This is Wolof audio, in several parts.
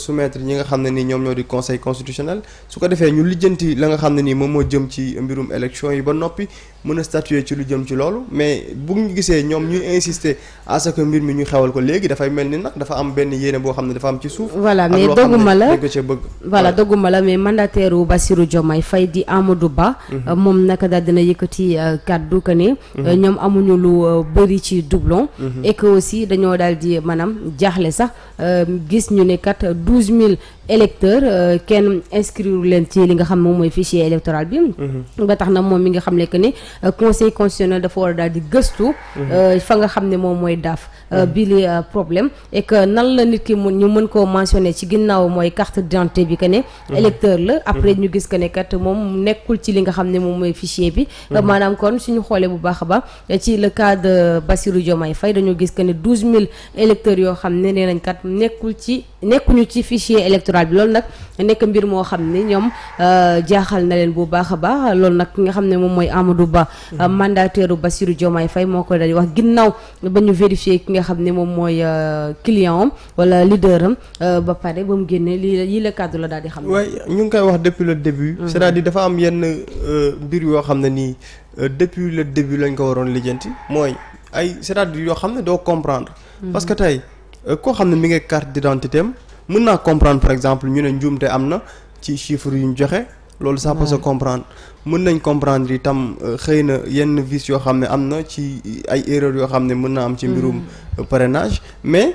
soumettre ñi nga xam ne nii ñoom ñoo di conseil constitutionnel su ko defee ñu lijjanti la nga xam ne nii moom moo jëm ci mbirum élection yi ba noppi mën a statuer ci lu jëm ci loolu mais bu ñu gisee ñoom ñu insister à que mbir mi ñu xewal ko léegi dafay mel ni nag dafa am benn yéene boo xam ne dafa am ci suuf. voilà mais dogguma la voilà dogguma la mais mandataire wu Bassirou fay Faye di Amadou Ba. Mhm. Euh, moom naka daal dina yëkkati euh, kàddu que ne. Mhm. Euh, ñoom amuñu lu bëri ci doublon. Mhm. et dañoo daal di maanaam jaaxle sax gis ñu ne kat douze mille électeurs kenn inscrire leen ci li nga xam moom mooy fichier électoral bi. ba tax na moom mi nga xam ne que Euh, conseil constitutionnel dafa war a daal di gëstu. Mhm. Euh, fa nga xam ne moom mooy daaf. bi li problème et que nan la nit ki mun ñu mën koo mentionné ci ginnaaw mooy carte d'identité bi que ne. Mhm. électeur la mhm. après ñu gis que ne kat moom nekkul ci li nga xam ne moom mooy fichier bi. Euh, maanaam kon suñu xoolee bu baax a baax ci le cas de Bassirou Diomaye Faye dañoo gis que ne douze mille électeurs yoo xam ne nee nañ kat nekkul ci. nekku ñu ci fichier électoral bi loolu nag nekk mbir moo xam ne ñoom euh, jaaxal na leen bu baax a baax loolu nag ki nga xam ne moom mooy Amadou Ba euh, mm-hmm. mandataire Bassirou Diomaye fay moo ko daal wax ginnaaw ba ñu vérifier ki nga xam ne moom mooy euh, client am wala leader am ba pare ba mu génnee lii lii la kàddu la daal di xam waaye ñu ngi koy wax depuis le début mm-hmm. cest à dafa am yenn mbir yoo xam ne nii depuis la début lañ ko waroon lijjanti mooy ay cest à yoo xam ne doo comprendre mm-hmm. parce que tey Euh, koo xam ne mi ngi carte d'identité am mun naa comprendre par exemple ñu ne njuumte am na ci chiffre yu ñu joxe. loolu ça peut se comprendre mën nañ comprendre itam euh, xëy na yenn vices yoo xam ne am na ci ay erreurs yoo xam ne mën naa am ci mm. mbirum euh, parrainage mais.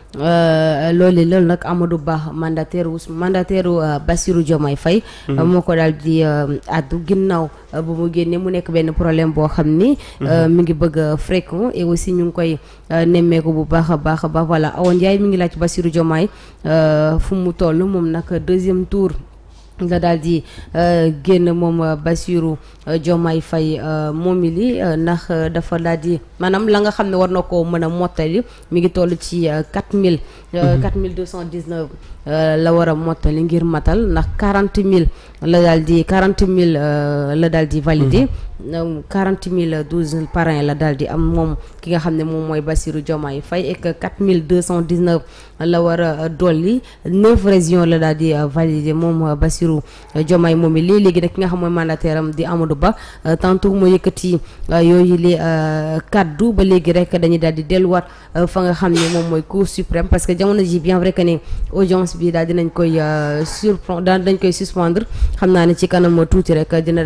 Euh, loolu loolu nag Amadou Ba mandataire wu mandataire euh, Bassirou fay Faye mhm. euh, moo ko daal di addu ginnaaw bu mu génnee mu nekk benn problème boo xam ni mi mhm. ngi bëgg fréquent et aussi ñu ngi koy nemmeeku bu baax a baax a baax voilà Awa Ndiaye mi ngi laaj Bassirou Diomaye fu mu toll moom nag deuxième tour nga daal di euh, génn moom euh, Bassirou euh, Diomaye Faye moom li ndax dafa daal di maanaam la nga xam ne war na ko mën a mottali mi ngi toll ci quatre mille. Mhm. quatre mille deux cent dix neuf la war a mottali ngir matal ndax quarante mille la daal quarante mille la daal di validé. Mhm. quarante mille douze parrains la daal di am moom ki nga xam ne moom mooy Bassirou Diomaye Faye fay que quatre mille deux cent dix neuf la war a dolli neuf régions la daal di valider moom Bassirou Diomaye moom i lii léegi nag ki nga xam mooy mandataire am di Amadou Ba euh, tantôt mu yëkkati euh, yooyu li euh, kaddu ba léegi rek dañuy daal di delluwaat fa nga xam ne moom mooy Cour suprême parce que jamono ji bien vrai que ne audience bi daal dinañ koy surprendre daal dañ koy suspendre xam naa ne ci kanam tuuti rek dina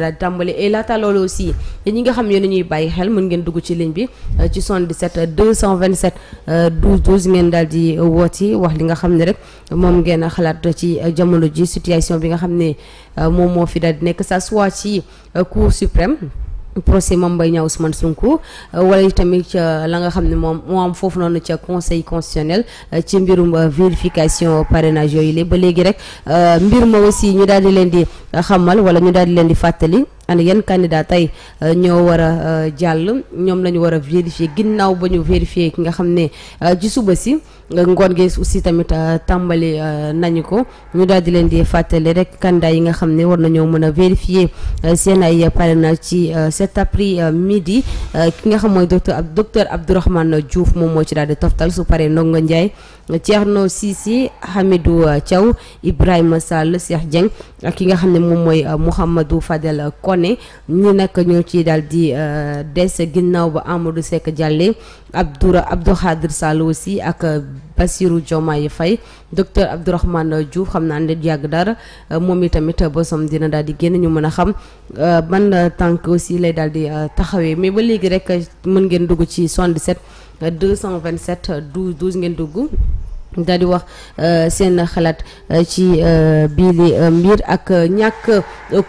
yi ñi nga xam ne ñuy bàyyi xel mën ngeen dugg ci ligne bi euh, ci 77 227 12 12 ngeen daal di woot yi wax li nga xam ne rek moom ngeen a xalaat ci euh, jamono ji situation bi nga xam ne euh, moom moo fi daal di nekk ça soit ci cour suprême. procès Mame Mbaye Niang Ousmane Sonko wala tamit la nga xam ne moom moom am foofu noonu ca conseil constitutionnel ci mbirum vérification parrainage yooyu la ba léegi rek mbir ma aussi ñu daal di leen di xamal wala ñu daal di leen di fàttali. ana yan candidat tey euh, ñoo war a euh, jàll ñoom la ñu war a vérifier ginnaaw ba ñu vérifier ki nga xam ne euh, ci suba si ngoon gi aussi tamit tàmbali nañu ko ñu daal di leen di fàttali rek candidat yi nga xam ne war nañoo mën a vérifier seen ay na ci cet après midi ki nga xam mooy docteur docteur na Diouf moom moo ci daal di toftal su paree nga Ndiaye Thierno Sisi Hamidou euh, Thiaw Ibrahima Sall Cheikh Dieng ak ki nga xam ne moom mooy euh, Mouhamadou Fadel euh, kone ñi nag ñoo ci daal di des ginnaaw ba Amadou Seck Diallé Abdoura Abdou Khadir Sall aussi ak Bassirou Diomaye Faye docteur Abdourahmane Diouf xam naa ne yàgg dara moom itamit bosom dina daal di génn ñu mën a xam ban tànk aussi lay daal di taxawee mais ba léegi rek mën ngeen dugg ci 77 cent 227 12 12 ngeen dugg daal di wax euh, seen xalaat euh, ci euh, bii li mbir ak ñàkk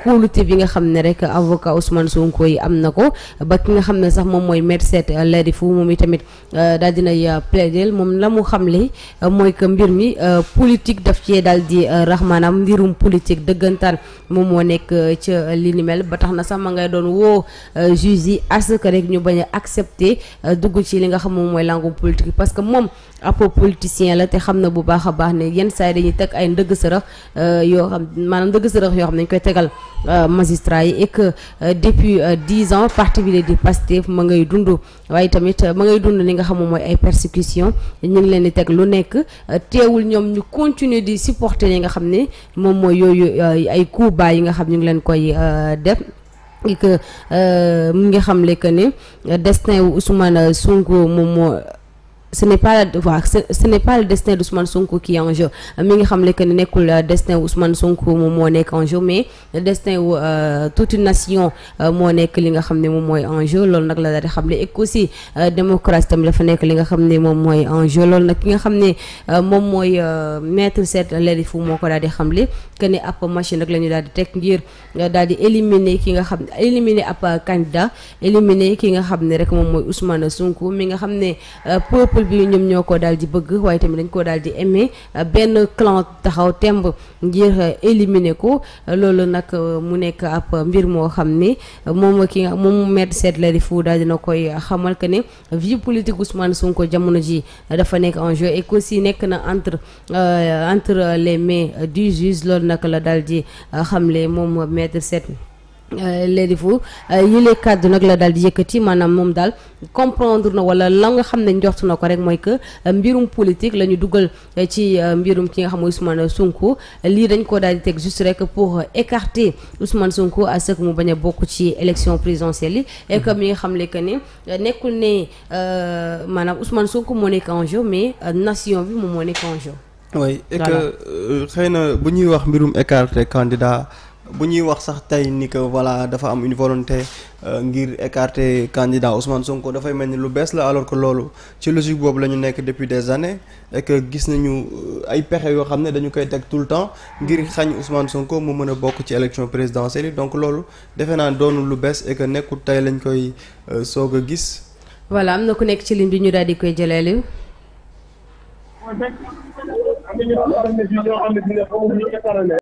kóolute bi nga xam ne rek avocat Ousmane Sonko yi am na ko ba ki nga xam ne sax moom mooy Merced Ladifu moom itamit daal dinay plaider moom la mu xamle mooy que mbir mi politique daf ci daal di rax maanaam mbirum politique dëggantaan moom moo nekk ca li ba tax na sax ma ngay doon woo juge yi à rek ñu bañ a accepter dugg ci li nga xam moom mooy langue politique parce moom apo politicien la te xam na bu baax a baax ne yenn saa yi dañuy teg ay ndëgg sërëx euh, yoo xam maanaam ndëgg sërëx yoo xam ne dañ koy tegal euh, magistrat yi et que euh, depuis dix ans di Pastef ma ngay dund waaye tamit ma ngay dund li nga xam mooy ay persécution ñu ngi leen di teg lu nekk teewul ñoom ñu continuer di supporter yi nga xam ne moom mooy yooyu ay coups bas yi nga xam ñu ngi leen koy def et mu ngi xam que ne destin wu Ousmane Sonko moom moo ce n'est pas waaw ce n'est pas le destin d'Ousmane Sonko qui est en jeu ngi xam ne que ne nekkul euh, destin Ousmane Sonko moom moo nekk en jeu mais le destin wu euh, toute une euh, moo nekk li nga xam ne moom mooy en jeu nag la daal di xam ne et aussi démocratie tamit dafa nekk li nga xam ne moom mooy en nag ki nga xam ne moom mooy maître Seth Léthifou moo ko daal di xam li que ne ab machine rek la ñu daal di teg ngir daal di éliminer ki nga xam éliminer ab candidat éliminer ki nga xam ne rek moom mooy Ousmane Sonko mi nga xam ne peuple bi ñoom ñoo ko daal di bëgg waaye tamit dañ koo daal di aimer benn clan taxaw temb ngir éliminer ko loolu nag euh, mu nekk ab mbir moo xam ne moom ki moom Me Ciré Clédor Ly daal dina koy xamal que ne vie politique sun ko jamono ji dafa nekk en jeu et que nekk na entre euh, entre les mains du juge loolu nag la daal di xamle moom Me Ciré Euh, léegi fu euh, yile kàddu nag la daal di yëkkati maanaam moom daal comprendre na wala la nga xam ne njort na ko rek mooy que euh, mbirum politique la ñu dugal ci mbirum ki nga xam mooy Ousmane Sonko lii dañ ko daal di teg juste rek pour écarter Ousmane Sonko à ce que mu bañ a bokk ci élection présidentielle yi. et que mi nga xam ne que ne nekkul ne maanaam Ousmane Sonko moo nekk en mais nation bi moom moo nekk en jeu. voilà xëy na bu ñuy wax mbirum écarter candidat. bu ñuy wax sax tey ni que voilà dafa am une volonté euh, ngir écarter candidat Ousmane Sonko dafay mel ni lu bees la alors que loolu ci logique boobu la ñu nekk depuis des années et gis nañu euh, ay pexe yoo xam ne dañu koy teg tout le temps ngir xañ Ousmane Sonko mu mën a bokk ci élection présidentielle donc loolu defe naa doonu lu bees et que nekkul tey lañ koy euh, soog a gis. voilà am na ku nekk ci ligne bi ñu daal di koy jëlee